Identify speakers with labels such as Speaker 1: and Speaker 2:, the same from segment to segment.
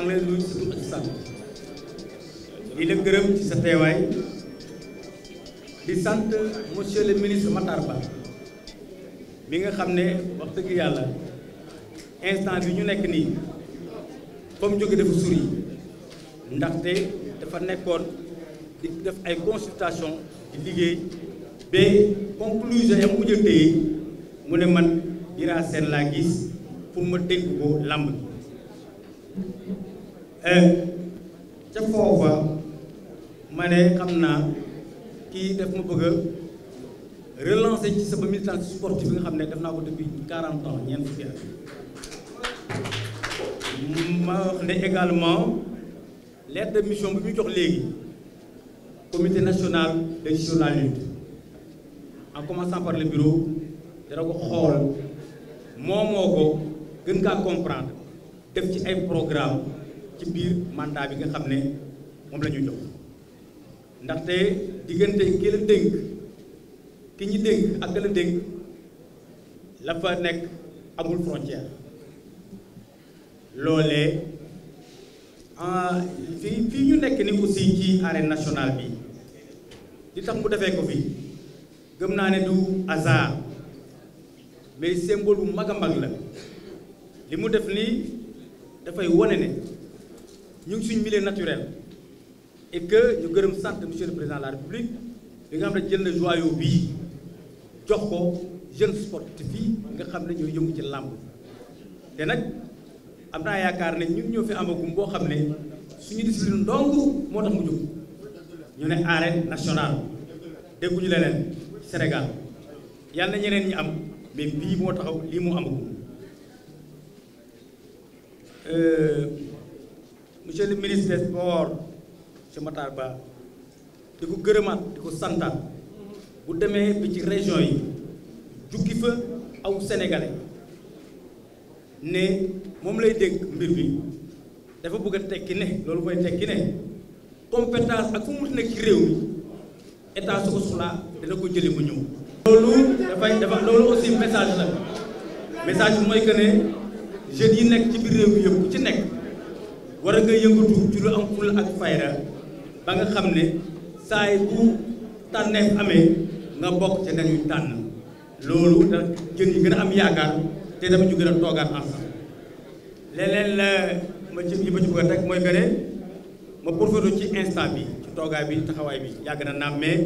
Speaker 1: maa ngi lay nuyu sa sant di la gërëm ci sa teewaay di sant monsieur le ministre Matar Ba mi nga xam ne wax dëgg yàlla instant yi ñu nekk nii fa mu jóge dafa suri ndaxte dafa nekkoon di def ay consultation di liggéey ba conclusion yam mu jël téye mu ne man Bira Sène laa gis pour ma dégg ko làmb Eh, ca foofa ma ne xam naa kii daf ma bëgg a ci sama militance sportive bi nga xam ne def naa ko depuis quarante ans ñeent fukki at ma wax ne également lettre mission bi ñu jox léegi comité national de gestion de la lutte en commençant par le bureau dara ko xool moo moo ko gën kaa comprendre def ci ay programme ci biir màndaa bi nga xam ne moom la ñu jox ndaxte diggante ki la dénk ki ñi dénk ak la dénk la fa nekk amul frontière loolee ah, fi fii ñu nekk ni aussi ci arène nationale bi li tax mu defee ko fi gëm naa ne du hasard mais symbole bu mag a mag la li mu def nii dafay wone ne ñu ngi suñ milieu naturel et que ñu gërëm sant monsieur président la république bi nga xam ne jël na joyau bii jox ko jeune sportif yi nga xam ne ñooy yëngu ci làmb te nag am naa yaakaar ne ñun ñoo fi amagum boo xam ne suñu discipline ndong moo tax mu jóg ñu ne arène nationale dégguñu leneen Sénégal yàlla ñeneen ñi am mais bii moo taxaw lii moo amagum. Euh, monsieur le ministre des sports monsieur Ba di ko gërëmaat di ko santaat bu demee bi ci région yi jukki fa aw sénégalais ne moom lay dégg mbir bi dafa bëgg tekki ne loolu mooy tekki ne compétence ak fu mu nekk ci réew mi état su ko soxlaa dana ko jëlee mu ñëw. loolu dafay dafa loolu aussi message la message bi mooy que ne jeunes yi nekk ci biir réew mi yëpp ci nekk. war a nga yëngatu ci lu am ful ak fayda ba nga xam ne saay bu tànneef amee nga bokk te nañu tànn loolu da jën yi gën a am yaakaar te dama ñu gën a toogaat ensemble leneen la ma ci li ma ci bëgg rek mooy que ne ma profité ci instant bi ci toogaay bi taxawaay bi yàgg na naam mais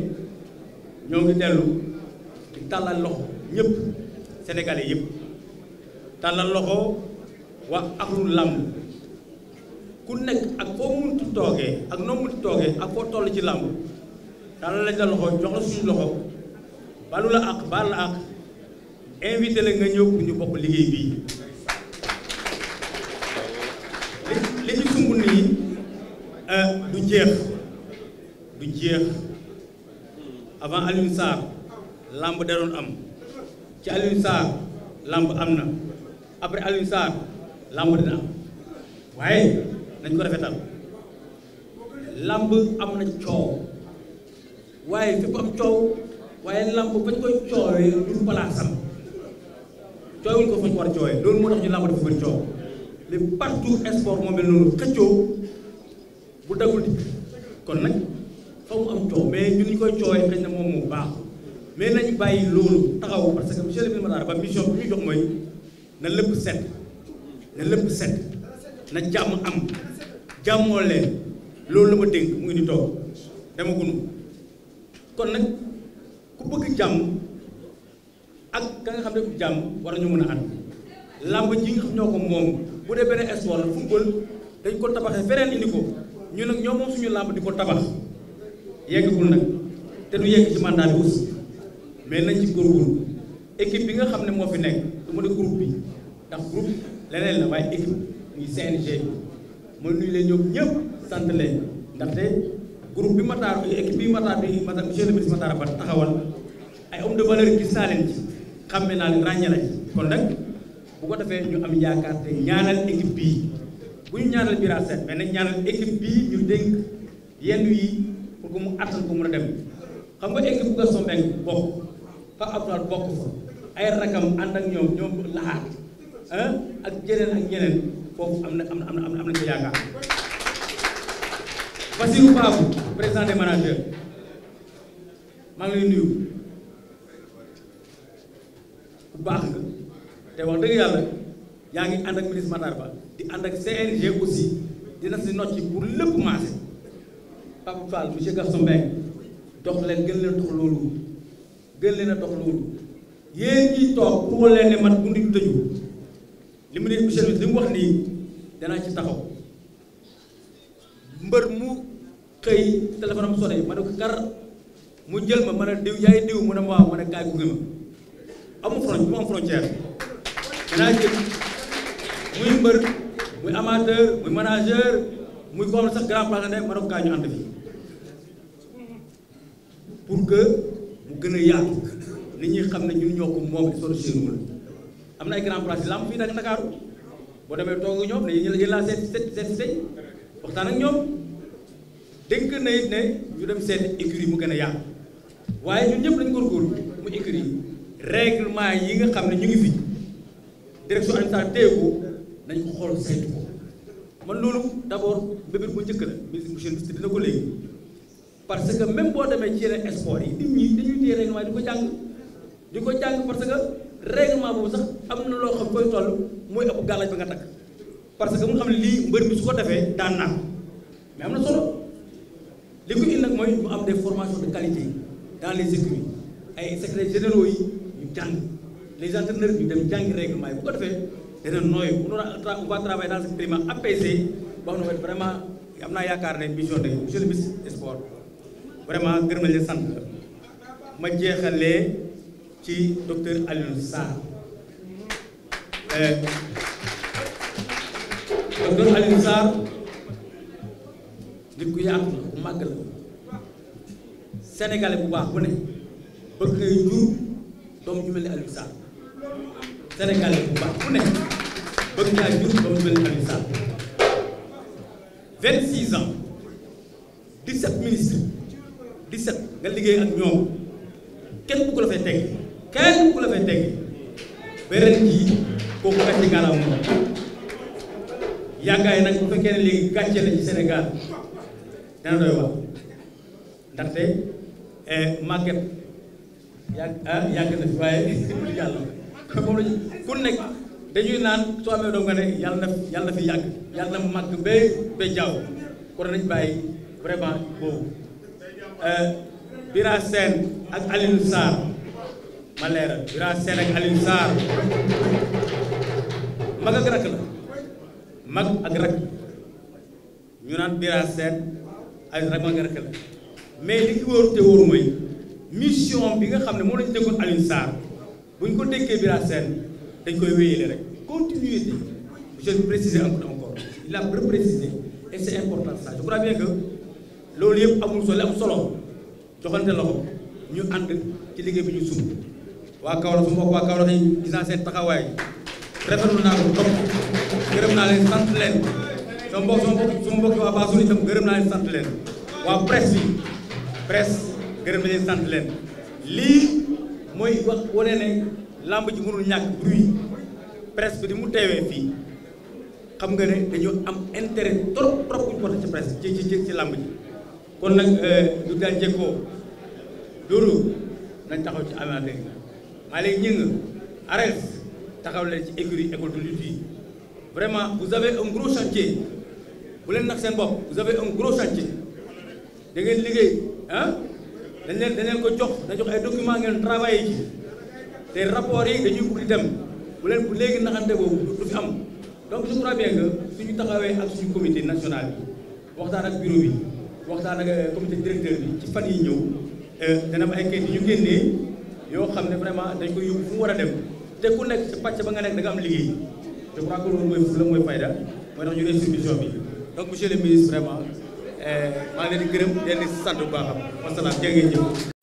Speaker 1: ñoo ngi dellu di tàllal loxo ñëpp sénégalais yëpp tàllal loxo waa axlu làmb ku nekk ak foo muntu toogee ak noo muntu toogee ak foo toll ci làmb daal lañ la loxo jox la suñu loxo balu la àq baal la àq invité la nga ñëw ñu bokk liggéey bii li ci sumb nii euh, du jeex du jeex avant Alioune Sarr làmb da doon am ci Alioune Sarr làmb am na après Alioune Sarr làmb dina am waaye dañ ko rafetal làmb am na coow waaye fépp am coow waaye làmb bañ koy coowee du palaasam coowul ko fañ war a coowee loolu moo tax ñu làmb dafa bëri coow mais partout sport moo mel noonu xëccoo bu dagul di kon nag fa mu am coow mais ñun ñu koy coowee xëy na moom moo baax mais nañu bàyyi loolu taxaw parce que monsieur le ministre mission bi ñu jox mooy na lépp set na lépp set na jàmm am jàmmoo leen loolu la ma dénk mu ngi ni toog dama gunu kon nag ku bëgg jàmm ak ka nga xam ne jàmm war ñu mën a ànd làmb ji nga xam ñoo ko moom bu dee beneen espoir la football dañ ko tabaxee feneen ni ko ñu nag ñoo moom suñu làmb di ko tabax yeggagul nag te du yegg ci mandat bi aussi mais nañ ci góorgóorlu équipe bi nga xam ne moo fi nekk du ma ne groupe bi ndax groupe leneen la waaye équipe muy CNG ma nuyu leen ñoom ñëpp sant leen ndaxte groupe bi Matar bi équipe bi Matar bi Matar monsieur le ministre Matar ba taxawal ay homme de valeur gis naa leen ci xàmme naa leen ràññale kon nag bu ko defee ñu am yaakaar te ñaanal équipe bii bu ñu ñaanal Bira Sène mais nag ñaanal équipe bii ñu dénk yenn yi pour que mu attan ko mën a dem xam nga équipe bu Gaston Mbengue bokk fa Abdoulaye bokk fa ay rakam ànd ak ñoom ñoom laxaat ah, ak yeneen ak yeneen. foofu am na am na am na am nañu ko yaakaar Bassirou Babou président des managers maa ngi lay bu baax nga te wax dëgg yàlla yaa ngi ànd ak ministre Matar Ba di ànd ak CNG aussi dina si nocci pour lépp maase Papa Fall monsieur Gaston Mbengue dox leen gën leen dox loolu gën leen dox loolu yéen ñiy toog pour leen ne man bu nit tëju li mu ne monsieur li mu wax nii danaa ci taxaw mbër mu xëy téléphone am sonné ma ne kar mu jël ma ma ne diw yaay diw mu ne ma waaw ma ne kaay gunge ma amu frontière frontière danaa jël muy mbër muy amateur muy manager muy ko ne sax grand place ne ma ne ko kaay ñu ànd fi pour que mu gën a yaatu nit ñi xam ne ñun ñoo ko moom solu séenwu la am na ay grand place lamb fii nag Ndakaaru boo demee toogu ñoom ne yéen laa seet seet seet seet waxtaan ak ñoom dénk na it ne ñu dem seet écurie mu gën a yàqu waaye ñun ñëpp dañ góorgóorlu mu écurie règlement yi nga xam ne ñu ngi fi direction ANSA teewu nañ ko xool saytu ko man loolu d'abord mbébét bu njëkk la ministre monsieur le dina ko léegi parce que même boo demee ci yeneen sport yi nit ñi dañuy téye règlement di ko jàng di ko jàng parce que règlement boobu sax am na loo xam koy toll mooy ëpp gàllaaj ba nga takk parce que mu xam ne lii mbër bi su ko defee daan naa mais am na solo li ko indi nag mooy mu am des formations de qualité dans les ay secrétaires généraux yi ñu jàng les entraîneurs ñu dem jàngi règlement yi bu ko defee dana nooyu on va travailler dans ce climat boo xam ne vraiment am naa yaakaar ne mission de monsieur le ministre des vraiment gërëm nañ leen sant ma jeexalee ci docteur Alioune Sarr euh, docteur Alioune Sarr nit ku yaatu la ku la sénégalais bu baax bu ne bëgg na jur doomu ñu mel ni Alioune Sarr sénégalais bu baax bu ne bëgg naa jur doomu ñu mel ni Alioune Sarr 26 ans 17 ministres 17 nga liggéey ak ñoom kenn bu ko la teg. kenn ku la fay teg beneen kii kooku gàcce gàllam moom yàggaay nag bu fekkee ne léegi gàcce la ci Sénégal dana doy wax ndaxte eh, màgget yàgg ah na fi waaye yàlla nekk dañuy naan soo amee doom nga ne yàlla na fi yàgg yàlla na màgg ba ba jaww kon nañ bàyyi vraiment boobu eh, Bira Sène ak Alioune Sarr ma leeral Bira Sène ak Alioune Sarr mag ak rakk la ak rakk ñu naan Bira Sène Alioune Sarr mag ak la mais li ki wóor te mooy mission bi nga xam ne moom la ñu déggoon Alioune Sarr bu ñu ko déggee Bira Sène dañ koy wéyale rek continuité je vais préciser encore encore il a reprécisé et c' est important ça je crois bien que loolu yëpp amul solo am solo joxante loxo ñu ànd ci liggéey bi ñu sumb waa Kaolack su mbokk a Kaolack yi gis ko gërëm naa leen sant leen sama mbokk lii mooy wax wane ne làmb ji mënul ñàkk bruit presse bi di mu teewee fii xam nga ne dañoo am intérêt trop trop bu ñu ci presse ci làmb ji kon nag euh, du daan jekkoo loolu nañ taxaw ci amateur yi Malick Gningue Ares taxaw leen ci écurie école de lutte yi vraiment bu avez un gros chantier bu leen nax seen bopp vous avez un gros chantier da ngeen liggéey ah dañ leen dañ leen ko jox da jox ay documents ngeen travaillé ci te rapports yi dañuy bëgg dem bu leen bu léegi naxante boobu du fi am donc je crois bien que suñu taxawee ak suñu comité national bi waxtaan ak bureau bi waxtaan ak euh, comité directeur bi ci fan yi ñëw euh, dana am ay kayit yu ñu génnee. yoo xam ne vraiment dañ koy yóbbu fu war a dem te ku nekk ci pàcc ba nga nekk da nga am liggéey je crois que loolu mooy la mooy fayda mooy tax ñu réussir mission bi donc monsieur le ministre vraiment eh, maa ngi leen di gërëm leen di sant bu baax a wasalaam jërë ngeen jëf